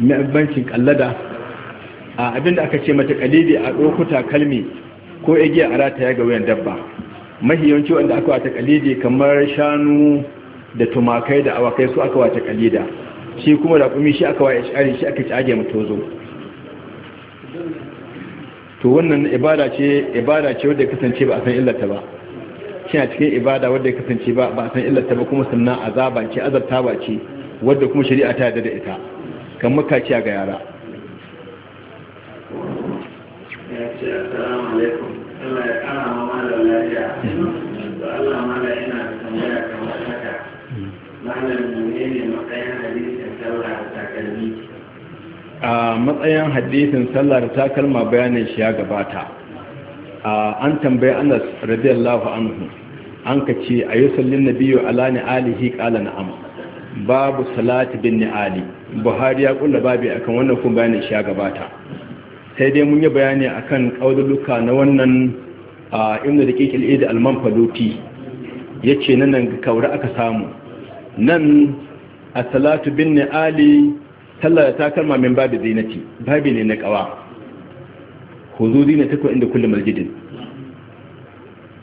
na bankin kallada a abinda aka ce mata kalibi a lokuta kalmi ko igiya a rataya ga wuyan dabba yawanci wanda aka wata kalibi kamar shanu da tumakai da awakai su aka wata kalida shi kuma da kumi shi aka wa ishari shi aka cage age zo. to wannan ibada ce ibada ce wadda kasance ba a san illata ba shi a cikin ibada wanda kasance ba a san illata ba kuma sannan azaba ce azabta ba ce wadda kuma shari'a ta yarda da ita kan makaciya ga yara a matsayin hadisin sallah da takalma bayanin shi ya gabata an tambaye Anas radiyallahu anhu an ka ce ayyusallin nabiyyu ala ni alihi kala na'am babu salati bin Ali, buhari ya kulla babu akan wannan kun bayanin shi ya gabata sai dai mun yi bayani akan kauduluka na wannan a inda da kekil idi alman faloti ya ce nan nan kaura aka samu nan a salatu bin Ali, sallar ta kalma min babu zinati babu ne na kawa huzu zinata ko inda kullum masjidin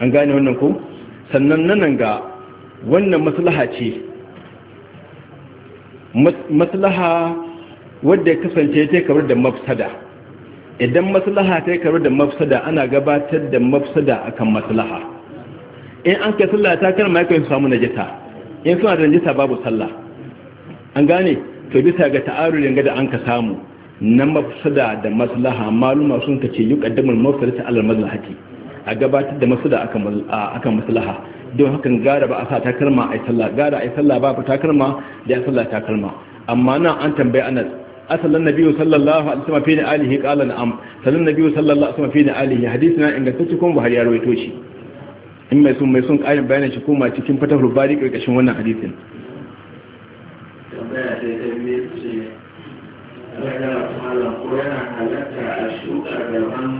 an gane wannan ko sannan nan ga wannan maslaha ce maslaha wadda ya kasance ta kamar da mafsada idan maslaha ta kamar da mafsada ana gabatar da mafsada akan maslaha in an kai sallah ta kan ya yin samu najisa in suna da najisa babu sallah an gane to bisa ga ta'arurin ga da an ka samu na mafsada da maslaha maluma sun ka ce kaddamar mafsada ta alal mazlahati a gabatar da mafsada akan akan maslaha don hakan gara ba a sa takalma a yi sallah gara a yi sallah ba ba takalma da ya sallah takalma amma nan an tambaye anas asalin nabiyyu sallallahu alaihi wasallam fi alihi qala na'am sallallahu alaihi wasallam fi alihi ingantacce kuma Buhari ya rawaito shi in mai sun mai sun ƙarin bayanin cikin fatahul bari karkashin wannan hadisin tambaya ta yi ce malam yana halatta a shuka gaban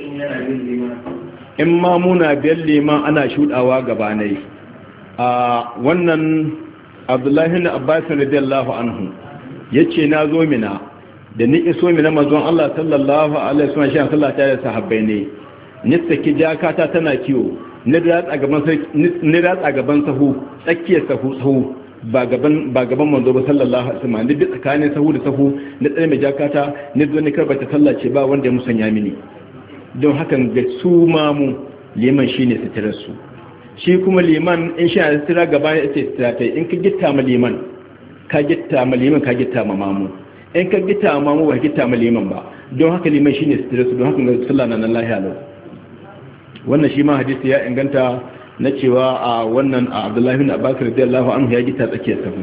in yana bin in ma muna biyar liman ana shudawa gabanai a wannan abdullahi na abbasin radiyallahu anhu ya ce na zo mina da ni iso mina mazon allah sallallahu alaihi wasallam shi sallah ta da sahabbai ne nista ki ja kata tana kiwo ni ratsa gaban sahu tsakiyar sahu sahu ba gaban manzo ba sallallahu alaihi wasallam ni bi tsakanin sahu da sahu ni tsaye mai jakata ni zo ni karbata sallah ce ba wanda ya musanya mini don hakan ga su mamu liman shi ne su shi kuma liman in shi a sutura gaba ya ce sutura ta in ka gita ma liman ka gita ma liman ka gita ma mamu in ka gita ma mamu ba gita ma liman ba don haka liman shi ne su don haka ga sallah na nan lahiya lau wannan shi ma hadisi ya inganta na cewa a wannan a abdullahi bin abakar radiyallahu anhu ya gita tsakiyar sahu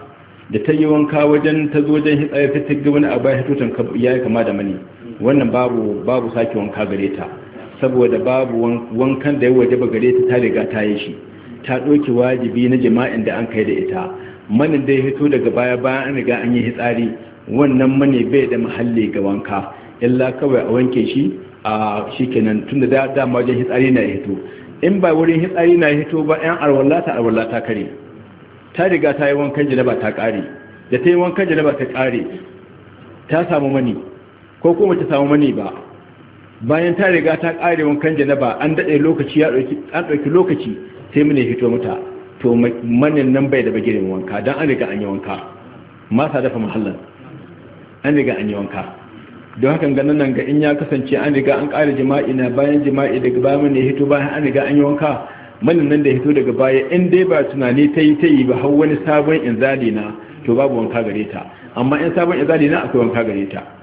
da ta yi wanka wajen ta zo wajen hitsari ta ta wani abu ya ya yi kama da mani wannan babu sake wanka gare ta saboda babu wankan da ya waje ba gare ta ta riga ta yi shi ta ɗauki wajibi na jima'in da an kai da ita manin da ya hito daga baya bayan an riga an yi hitsari wannan mani bai da muhalli ga wanka illa kawai a wanke shi a shikenan tunda da dama wajen hitsari na hito in ba wurin hitsari na hito ba yan arwallata arwallata kare ta riga ta yi wankan janaba ta kare da ta yi wankan janaba ta kare ta samu mani ko kuma ta samu mani ba bayan ta riga ta kare wankan janaba an daɗe lokaci ya ɗauki an lokaci sai mune fito mata to manin nan bai da bagirin wanka don an riga an yi wanka ma sa dafa mahallar an riga an yi wanka don hakan ganin nan ga in ya kasance an riga an kare jima'i na bayan jima'i daga bayan mune hito bayan an riga an yi wanka manin nan da ya fito daga baya in dai ba tunani ta yi ta yi ba har wani sabon inzali na to babu wanka gare ta amma in sabon inzali na akwai wanka gare ta